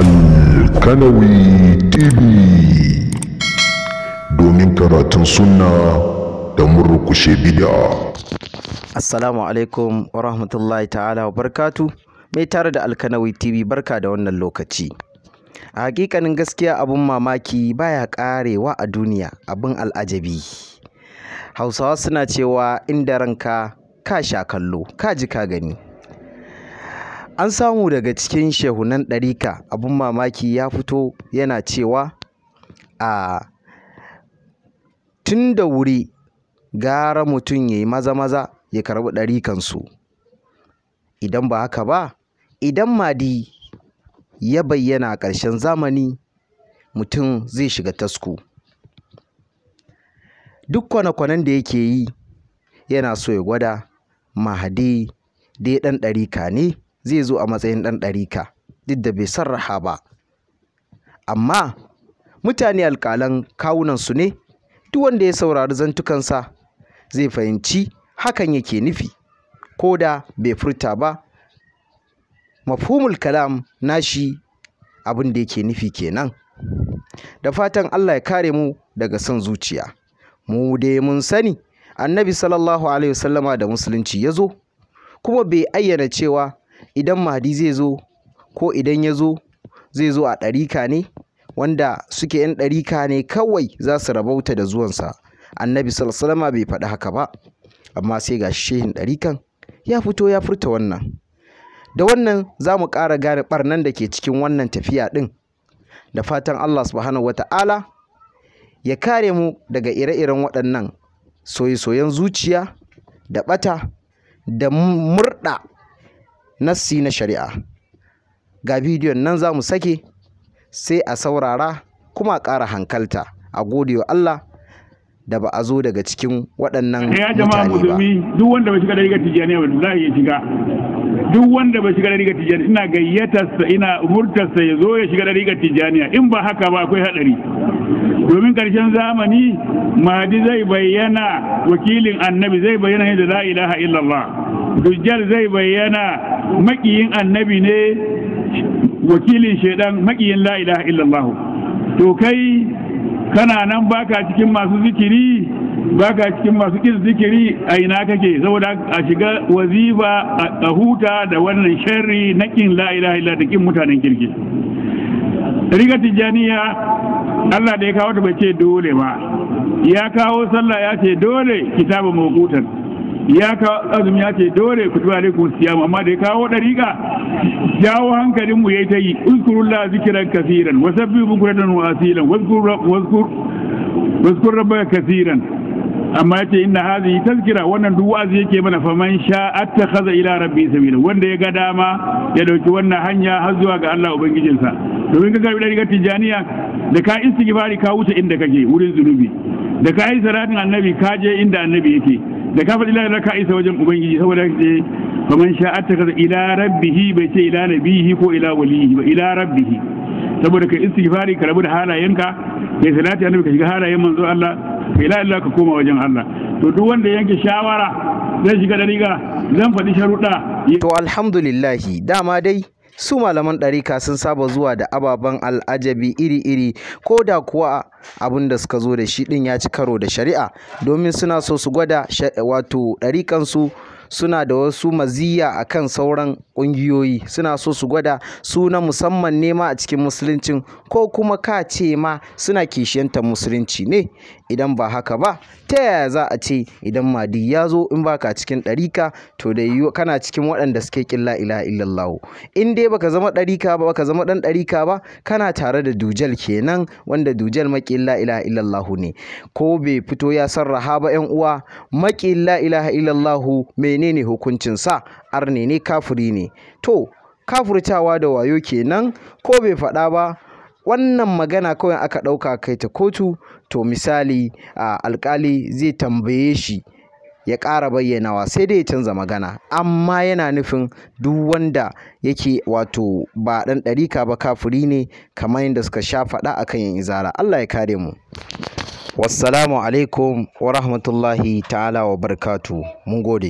alkanawi tv domin karatun sunna da murkushe bid'a assalamu alaikum wa rahmatullahi ta'ala wa barkatu mai tare da alkanawi tv barka da wannan lokaci a hakikanin gaskiya abun mamaki baya karewa a duniya abin al'ajabi hausawa suna cewa inda ranka ka sha kallo ka ji ka gani An samu daga cikin shehunan ɗarika abin mamaki ya fito yana cewa a tun da wuri gara mutum ya yi maza-maza ya karɓi ɗarikansu. Idan ba haka ba, idan Madi ya bayyana a ƙarshen zamani, mutum zai shiga tasko. Duk kwane-kwanen da yake yi yana so ya gwada Mahadi dai ɗan ɗarika ne. zai zo a matsayin ɗan ɗarika duk da bai sarraha ba amma mutane alƙalan kawunansu ne duk wanda ya saurari zantukansa zai fahimci hakan yake nufi ko da bai furta ba mafhumul kalam nashi abin da yake nufi kenan da fatan Allah ya kare mu daga son zuciya mu dai mun sani annabi sallallahu alaihi wasallama da musulunci ya zo kuma bai ayyana cewa idan mahdi zai zo ko idan ya zo zai zo a ɗarika ne wanda suke 'yan ɗarika ne kawai za su rabauta da zuwansa annabi salasalama bai faɗi haka ba amma sai ga shehin ɗarikan ya fito ya furta wannan da wannan za mu ƙara gane ɓarnan da ke cikin wannan tafiya ɗin da fatan allah subhanahu wata'ala ya kare mu daga ire-iren waɗannan soye-soyen zuciya da ɓata da murɗa nassi na shari'a ga bidiyon nan za mu sake sai a saurara kuma a ƙara hankalta a gode wa Allah da ba a zo daga cikin waɗannan mutane ba. Ya jama'a musulmi duk wanda bai shiga da rigar tijjani ba wallahi ya shiga. Duk wanda bai shiga da rigar tijjani ina gayyatarsa ina murtarsa ya zo ya shiga da rigar tijjani in ba haka ba akwai haɗari. Domin karshen zamani Mahdi zai bayyana wakilin annabi zai bayyana yadda la ilaha illallah. dujjal zai bayyana makiyin annabi ne wakilin shaidan makiyin la ilaha illallah to kai kana nan baka cikin masu zikiri baka cikin masu kin zikiri a ina kake saboda a shiga waziba a huta da wannan sharri na kin la ilaha illallah da kin mutanen kirki riga tijaniya Allah da ya kawo ta bace ce dole ba ya kawo sallah ya ce dole kitabu mawqutan ya kawo azumi ya ce dole ku tuba alaikum siyamu amma da ya kawo dariƙa jawo hankalin mu yayi ta yi uzkurullah zikran kaseeran wa sabbihu bukratan wa asilan wazkur wazkur wazkur rabbaka kaseeran amma yace inna hadhihi tazkira wannan duk wa'azi yake mana faman sha attakhadha ila rabbi sabila wanda ya ga dama ya dauki wannan hanya har zuwa ga Allah ubangijinsa domin ka gari ga tijaniya da ka istighfari ka wuce inda kake wurin zunubi da ka yi salatin annabi ka je inda annabi yake da ka faɗi raka ka isa wajen ubangiji saboda ce faman sha ta kaza ila rabbihi bai ce ila nabihi ko ila walihi ba ila rabbihi saboda ka istighfari ka rabu da halayenka kai salati annabi ka shiga halayen manzo Allah kai la ilaha ka koma wajen Allah to duk wanda yanke shawara zai shiga dariga zan faɗi sharuɗa to alhamdulillah dama dai su malaman ɗarika sun saba zuwa da ababen al'ajabi iri-iri ko da kuwa abin da suka zo da shi ɗin ya ci karo da shari'a domin suna so su gwada wato ɗarikansu suna da wasu maziya a kan sauran ƙungiyoyi suna so su gwada suna musamman nema a cikin musuluncin ko kuma ka ce ma suna kishiyantar musulunci ne idan ba haka ba ta yaya za a ce idan madi ya zo in baka cikin ɗarika to da yiwu kana cikin waɗanda suke ƙilla ila illallahu in dai baka zama ɗarika ba baka zama ɗan ɗarika ba kana tare da dujal kenan wanda dujal maƙilla ila illallahu ne ko bai fito ya sarraha ba 'yan uwa maƙilla ilaha illallahu mai menene sa arne ne kafuri ne to kafurtawa da wayo kenan ko bai faɗa ba wannan magana kawai aka ɗauka kai ta kotu to misali alkali zai tambaye shi ya ƙara bayyanawa sai dai ya canza magana amma yana nufin duk wanda yake wato ba ɗan ɗarika ba kafuri ne kamar yadda suka sha faɗa a kan yin izara Allah ya kare mu wassalamu alaikum wa rahmatullahi ta'ala wa barkatu mun gode